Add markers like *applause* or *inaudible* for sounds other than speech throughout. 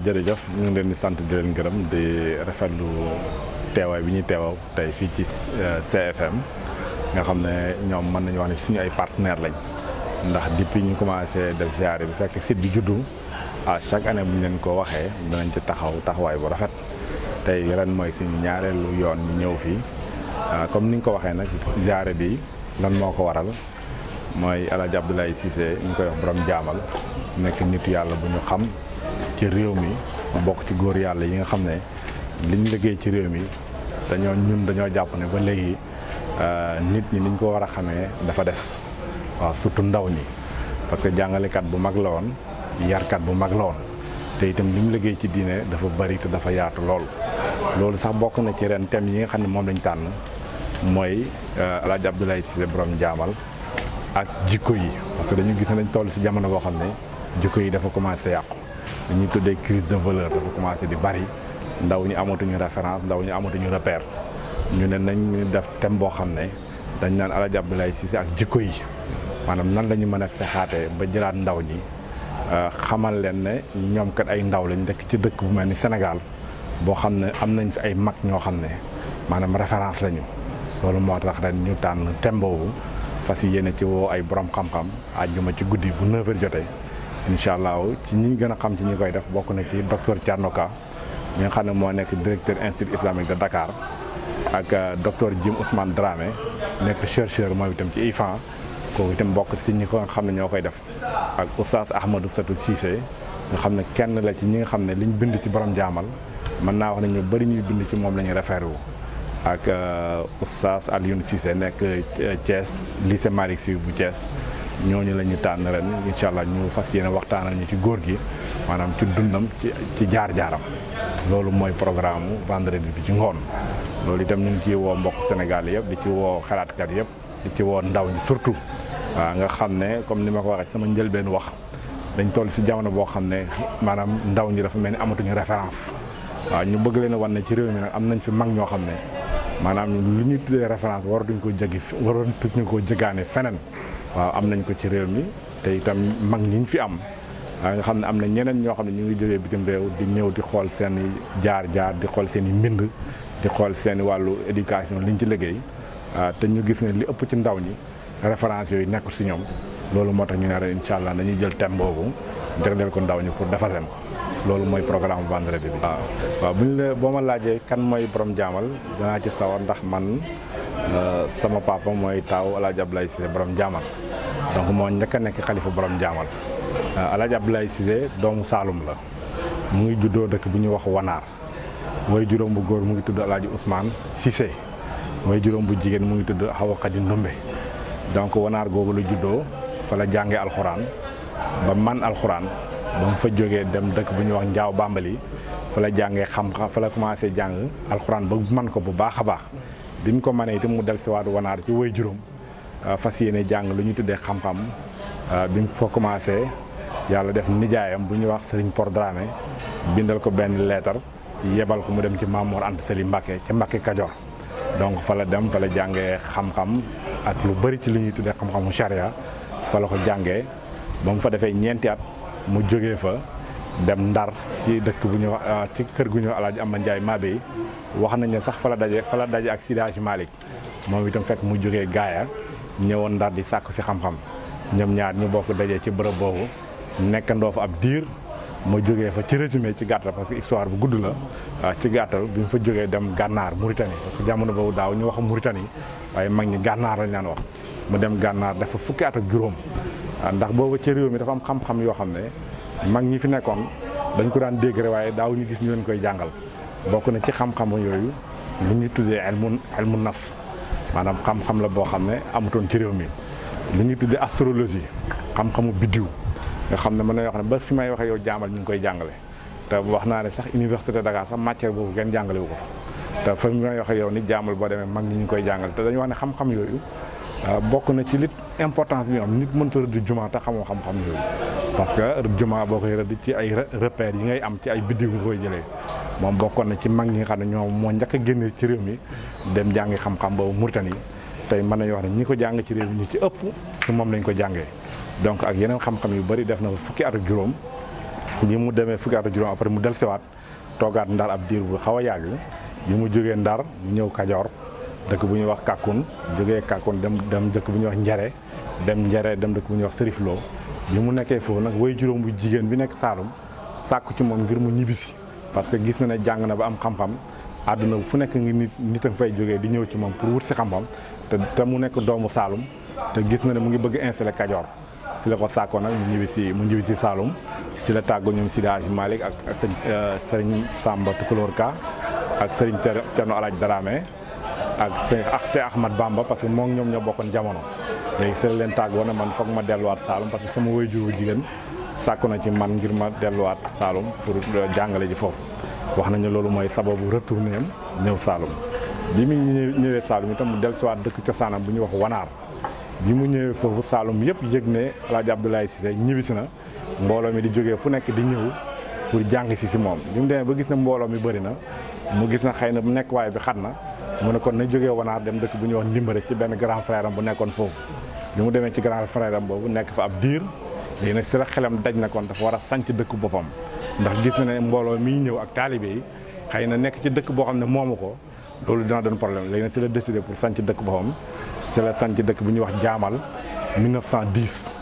jërëjëf ñu ngi leen di sant di leen gërëm di lu teewaay bi ñuy teewaw tey fii ci euh, CFM nga xam ne ñoom mën nañu wax ne suñu ay partenaire lañ ndax depuis ñu commencé def ziare bi fekk site bi juddu à chaque année bu ñu leen ko waxee danañ ci taxaw taxawaay bu rafet tey ren mooy suñu ñaareelu yoon ñu ñëw fii euh, comme ni nga ko waxee nag ziare bi lan moo ko waral mooy El Hadj Abdoulaye Cissé ñu koy wax borom jaamal nekk nitu yàlla bu ñu xam ci réew mi bokk ci góor yàlla yi nga xam ne liñ liggéey ci réew mi dañoo ñun dañoo jàpp ne ba léegi euh, nit ñi niñ ko war a xamee dafa des waaw surtout ndaw ñi parce que jàngalekat bu mag la woon yarkat bu mag la woon te itam li mu liggéey ci diine dafa bari te dafa yaatu lool loolu sax bokk na ci ren thème yi nga xam ne moom lañ tànn mooy El euh, Hadj Abdoulaye si borom jaamal ak jikko yi parce que dañu gis ne dañ toll si jamono boo xam ne jikko yi dafa commencé yàqu li tuddee crise de valeur dafa commencé di bari ndaw ñi amatuñu référence ndaw ñi amatuñu repère ñu ne nañ def thème boo xam ne dañ naan El Hadj Abdoulaye Cissé ak jikko yi maanaam nan la ñu mën a fexaatee ba jëlaat ndaw ñi euh, xamal leen ne ñoom kat ay ndaw lañ ndëkk ci dëkk bu mel ni Sénégal boo xam ne am nañ fi ay mag ñoo xam ne maanaam référence lañu loolu moo tax ren ñu tànn thème boobu fas yéene ci woo ay borom xam-xam àjjuma ci guddi bu 9 jotee. incha allah ci ñi gën a xam ci ñi koy def bokk na ci docteur Thierno Ka mi nga xam ne moo nekk directeur institut islamique de Dakar ak euh, docteur Jim Ousmane Dramé nekk chercheur moom itam ci IFAN kooku itam bokk ci ñi ko xam ne ñoo koy def ak oustaz Ahmadou Satou Cissé nga xam ne kenn la ci ñi nga xam ne li ñu bind ci borom jaamal mën naa wax ne ñu bëri ñuy bind ci moom la ñu référé wu ak euh, oustaz Alioune Cissé nekk euh, Thiès lycée Malick Sy bu Thiès. ñooñu la ñu tànn ren incha allah ñu fas yéene waxtaanal ñu ci góor gi maanaam ci dundam ci ci jaar-jaaram loolu mooy programme vendredi bi ci ngoon loolu itam ñu ngi ciy woo mbokk Sénégal yëpp di ci woo xalaat kat yëpp di ci woo ndaw ñi surtout waaw nga xam ne comme ni ma ko waxee sama njëlbeenu wax dañ toll si jamono boo xam ne maanaam ndaw ñi dafa mel ni amatuñu référence waa ñu bëgg leen a wan ne ci réew mi nag am nañ fi mag ñoo xam ne maanaam lu ñu tuddee référence waratuñ ko jéggi waratuñ ko jéggaane feneen waaw am nañ ko ci réew mi te itam mag ñiñ fi am nga xam ne am na ñeneen ñoo xam ne ñu ngi jógee bitim réew di ñëw di xool seeni jaar jaar di xool seen i mbind di xool seen i wàllu éducation liñ ci liggéey te ñu gis ne li ëpp ci ndaw ñi référence yooyu nekkul si ñoom loolu moo tax ñu ne ren incha allah dañuy jël thème boobu jagleel ko ndaw ñi pour defar leen ko loolu mooy programme vendredi bi. waaw waaw bu ñu la boo ma laajee kan mooy borom jaamal danaa ci sawar ndax man euh, sama papa mooy taaw El Hadj Abdoulaye borom jaamal. donc mo ñëk a nekk xalifa borom jaamal euh, Alaaji Abdoulaye Cissé doomu salum la mu ngi juddoo dëkk bu ñu wax wanar way juroom bu goor mu ngi tudd Alaaji Ousmane Cissé way juroom bu jigen mu ngi tudd hawa khadi Ndombe donc wanar gogol la juddoo fa la jàngee alcorane ba man alcorane ba fa joggé dem dekk bu ñu wax ndiaw Bambali fa la jàngee xam-xam fa la commencé jàng alcorane ba man ko bu baaxa baax bim ko mané mu wanar ci way juroom Euh, fasiyene jang jàng lu ñu tuddee xam-xam euh, bi mu fa commencé yalla def nijaayam bu wax Serigne Por Dramé bindal ko ben letter yebal ko mu dem ci Mamour Anta Sali Mbacké ci Mbacké kadior donc fa la dem fa la jangé xam-xam ak lu bari ci li ñuy tuddee xam-xamu sharia fa la ko jangé ba fa défé ñenti at mu joggé fa dem ndar ci dëkk bu ñu wax euh, ci kër gu ñu alaaji Ama Njaay wax nañ sax fa la daje fa la daje ak Seydi malik mom itam fekk mu joggé gaaya ñëwoon ndar di sàkk si xam-xam ñoom ñaar ñu bokk dajee ci bërëb boobu nekkandoo fa ab diir ma jógee fa ci résumé ci gàttal parce que histoire bu gudd la ci gàttal bi ñu fa jógee dem gànnaar Mauritanie parce que jamono boobu daaw ñu wax Mauritanie waaye mag ñi gànnaar lañ daan wax mu dem gànnaar dafa fukki at ak juróom ndax boobu ci réew mi dafa am xam-xam yoo xam ne mag ñi fi nekkoon dañ ko daan dégg rek waaye daaw ñu gis ñu leen koy jàngal bokk na ci xam-xam yooyu lu ñuy tuddee elmu elmu nafs maanaam xam-xam la boo xam ne amutoon ci réew mi li ñuy tuddee astrologie xam-xamu biddiw nga xam ne mun na wax ne ba fi may waxee yow jaamal ñu ngi koy jàngale te wax naa ne sax université Dakar sax matière boobu kenn jàngalewu ko fa te fa may waxee yow ni jaamal boo demee mag ñi ñu ngi koy jàngale te dañu wax ne xam-xam yooyu Euh, bokk na ci lit importance bi nga xam nit mënta rëdd jumaa te xamoo xam-xam yooyu parce que jumaa boo koy rëdd ci ay repères yi ngay am ci ay biddiw nga koy jëlee moom bokkoon na ci mag ñi nga xam ne ñoom moo njëkk a génne ci réew mi dem jàngi xam-xam boobu Mauritanie tey mën nañu wax ne ñi ko jàng ci réew mi ñu ci ëpp moom lañ ko jàngee donc ak yeneen xam-xam yu bari def na fukki at ak juróom bi mu demee fukki at ak juróom après mu dellusiwaat toogaat ndar ab diir bu xaw a yàgg bi mu jógee ndar ñëw Kajoor dëkk bu ñuy wax Kàkkun jógee Kàkkun dem dem dëkk bu ñuy wax Njare dem Njare dem dëkk bu ñuy wax Serifloo bi mu nekkee foofu nag way juróom bu jigéen bi nekk Saalum sàkku ci moom ngir mu ñibbisi parce que gis na ne jàng na ba am xam-xam àdduna fu nekk ngi nit nit fay jógee di ñëw ci moom pour wut si xam-xam te te mu nekk doomu Saalum te gis na ne mu ngi bëgg installé Kajoor si la ko sàkkoo nag mu ñibbi si mu ñibbi si Saalum si la tàggu ñoom Sidi Hadj Malick ak ak sëñ euh, sëriñ Samba Tukulóor Ka ak sëriñ Thierno Alaaj Daraame ak Cheikh Ahmad Bamba parce que moom ñoom ñoo bokkoon jamono léegi seen leen tàggoo ne man foog ma delluwaat Saalum parce que sama waajur bu jigéen sàkku na ci man ngir ma delluwaat Saalum pour euh, jàngale ji foofu. wax nañu loolu mooy sababu retourné am ñëw Saalum bi mu ñëwee Saalum itam mu dellusiwaat dëkk cosaanam bu ñu wax wanaar bi mu ñëwee foofu Saalum yëpp yëg ne El Hadj Abdoulaye Cissé ñibbisi na mbooloo mi di jógee fu nekk di ñëw pour jàng si si moom bi mu ba gis mbooloo mi bëri na mu gis na xëy na bu nekk waaye bi xat na. mu ne kon na jógee wanaar dem dëkk bu ñuy wax ndimbare ci benn grand frère bu nekkoon foofu bi mu demee ci grand frère boobu nekk fa ab diir léegi nag si la xelam daj na kon dafa war a sanc dëkk boppam ndax gis na ne mbooloo miy ñëw ak taalibe yi xëy na nekk ci dëkk boo xam ne moomu ko loolu dina doon problème léegi nag si la décidé pour sanc dëkk boppam si la sanc dëkk bu ñuy wax jaamal 1910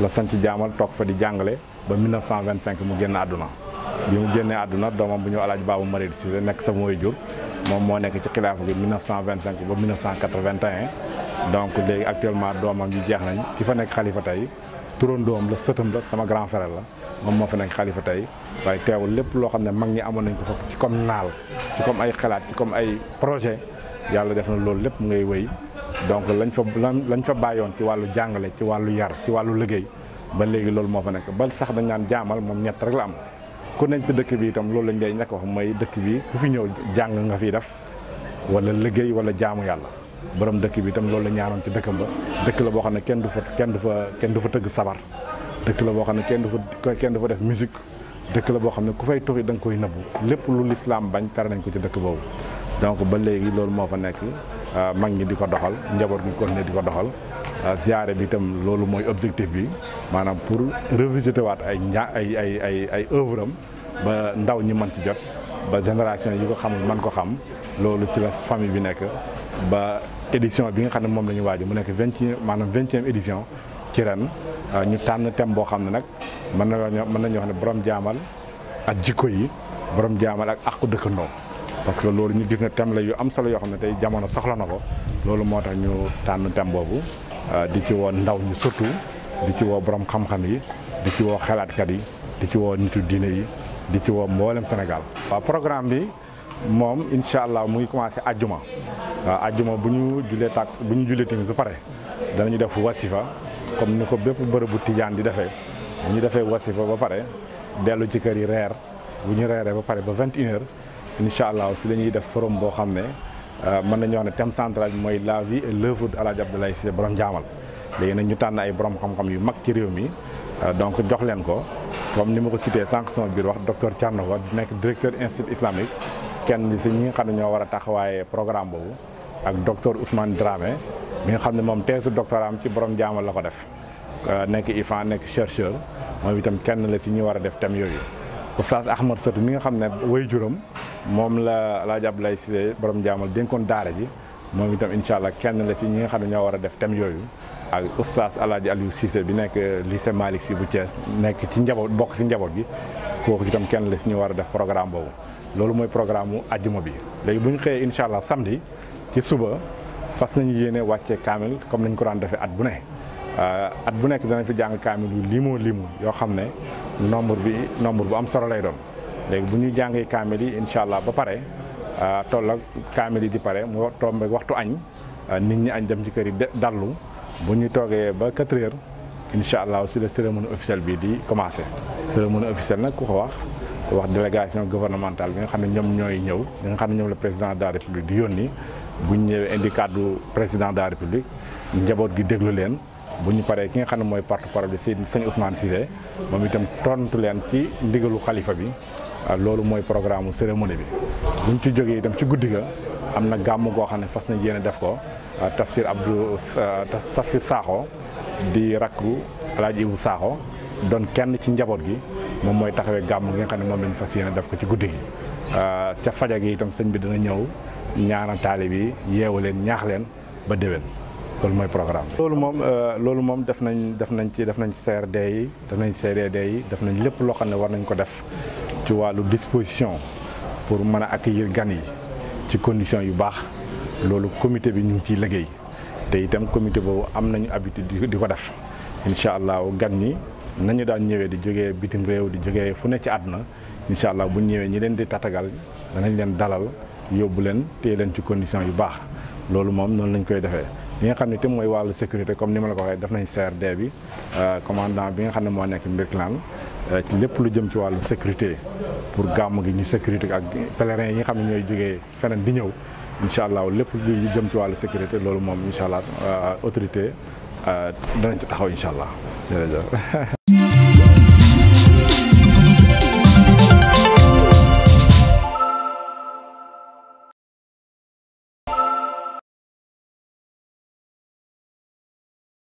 la sanc jaamal toog fa di jàngale ba 1925 mu génn àdduna bi mu génnee àdduna doomam bu ñu alaaj baabu marid si nekk sa mooy jur moom moo nekk ci xilaafa gi 1925 ba 1981 donc léegi actuellement doomam yi jeex nañ ki fa nekk xalifa tey turandoom la sëtam la sama grand frère la moom moo fa nekk xalifa tey waaye teewul lépp loo xam ne mag ñi amoon nañ ko fa ci comme naal ci comme ay xalaat ci comme ay projet yàlla def na loolu lépp ngay wéy donc lañ fa lañ fa bàyyoon ci wàllu jàngale ci wàllu yar ci wàllu liggéey ba léegi loolu moo fa nekk ba sax dañ naan jaamal moom ñett rek la am ku nañ fi dëkk bi itam loolu lañ ngay ñàkk wax mooy dëkk bi ku fi ñëw jàng nga fi def wala liggéey wala jaamu yàlla borom dëkk bi itam loolu la ñaanoon ci dëkkam ba dëkk la boo xam ne kenn du fa kenn du kenn du tëgg sabar dëkk boo xam ne kenn du fa kenn du def musique dëkk la boo xam ne ku fay tuxi da koy nëbbu lépp lu lislaam bañ tere nañ ko ci dëkk boobu donc ba léegi loolu moo fa nekk ah, mag ñi di ko doxal njaboot gi kon ne di ko doxal Euh, ziare bi tam loolu mooy objectif bi maanaam pour revisiter waat ay ña ay ay ay ay œuvre am ba ndaw ñi mën ci jot ba génération yi ko xamul mën ko xam loolu ci la famille bi nekk ba édition bi nga xam ne moom la ñu waaj mu nekk vingt maanaam vingtième édition ci ren euh, ñu tànn thème boo xam ne nag mën na mën nañu wax ne borom jaamal ak jikko yi borom jaamal ak àqu dëkkandoo parce que loolu ñu gis ne thème la yu am solo yoo xam ne tey jamono soxla na ko loolu moo tax ñu tànn thème boobu Euh, di ci woo ndaw ñi surtout di ci woo borom xam-xam yi di ci woo xalaatkat yi di ci woo nitu diine yi di ci woo mboolem Sénégal. waaw programme bi moom incha allah mu ngi commencé ajjuma waaw ajjuma bu ñu julee tàkk bu ñu julee tamit su pare danañu def wasifa comme ni ko bépp bërëbu tijaan di defee bu ñu defee wasifa ba pare dellu ci kër yi reer bu ñu reeree ba pare ba vingt une heures allah si la ñuy def forom boo xam ne. Euh, mën nañu wax ne thème central bi mooy la vie et l'œuvre de El Hadj Abdoulaye Cissé borom jaamal ñu tànn ay borom xam-xam yu mag ci réew mi euh, donc jox leen ko comme ni ma ko cité sànq sama biir wax docteur Thierno Wa nekk directeur institut islamique kenn si ñi nga xam ne ñoo war a taxawaaye programme boobu ak docteur Ousmane Dramé mi xam ne moom teesu doctoraam ci borom jaamal la ko def euh, nekk IFAN nekk chercheur moom itam kenn la si ñu war a def thème yooyu. oustaz Ahmad Sëtu mi nga xam ne way juram moom la laa jàpp lay Cissé borom jaamal dénkoon daara ji moom itam incha allah kenn la si ñi nga xam ne ñoo war a def thème yooyu ak oustaz Alaaji Aliou Cissé bi nekk lycée Malick si bu Thiès nekk ci njaboot bokk si njaboot bi kooku itam kenn la si ñu war a def programme boobu loolu mooy programme mu ajjuma bi léegi bu ñu xëyee incha allah samedi ci suba fas nañu yéene wàccee kaamil comme nañ ko daan defee at bu ne Euh, at bu nekk danañ fi jàng kaamil yu limoo limu yoo xam ne nombre bi nombre bu am solo lay doon léegi bu ñu jàngee kaamil yi incha allah ba pare euh, toll ak kaamil yi di pare mu tombe waxtu añ euh, nit ñi añ dem ci kër yi dallu bu ñu toogee ba 4 heures incha allah aussi la cérémonie officielle bi di commencé cérémonie officielle nag ku ko wax wax délégation gouvernementale bi nga xam ne ñoom ñooy ñëw ñi nga xam ne ñoom la président de la république di yónni bu ñu ñëwee indi kàddu président de la république njaboot gi déglu leen. buñu paré ki nga xam moy porte parole bi seigne Ousmane Cissé mom itam tontu len ci ndigalu khalifa bi ah, lolu moy programme cérémonie bi buñ ci joggé itam ci guddiga amna am go gàmm fas na def ko ah, tafsir Abdou ah, tafsir saxo di rakku aladji Ibu saxo don kenn ci njabot gi mom moy taxawé gàmm gi nga xam mom lañ fas yéene def ko ci guddigi ca itam seigne bi dana ñëw ñaanal talibi bi ñaax len ba déwén loolu mooy programme loolu moom euh, loolu moom def nañ def nañ ci def nañ ci CRD yi def nañ CDD def nañ lépp loo xam ne war nañ ko def ci wàllu disposition pour mën a accueillir gan yi ci condition yu baax loolu comité bi ñu ngi ciy liggéey te itam comité boobu am nañu habitude di ko def incha allah gan ñi nañu daan ñëwee di jógee bitim réew di jógee fu ne ci àdduna incha allah bu ñëwee ñi leen di tatagal danañ leen dalal yóbbu leen téye leen ci condition yu baax loolu moom noonu lañ koy defee. li nga xam ne te mooy wàllu sécurité comme ni ma la ko waxee def nañ CRD bi euh, commandant bi nga xam ne moo nekk Birkelane euh, ci lépp lu jëm ci wàllu sécurité pour gàmmu gi ñu sécurité ak pèlerins yi nga xam ne ñooy jógee feneen di ñëw incha allah lépp lu jëm ci wàllu sécurité loolu moom incha allah euh, autorité danañ ci taxaw incha allah *laughs*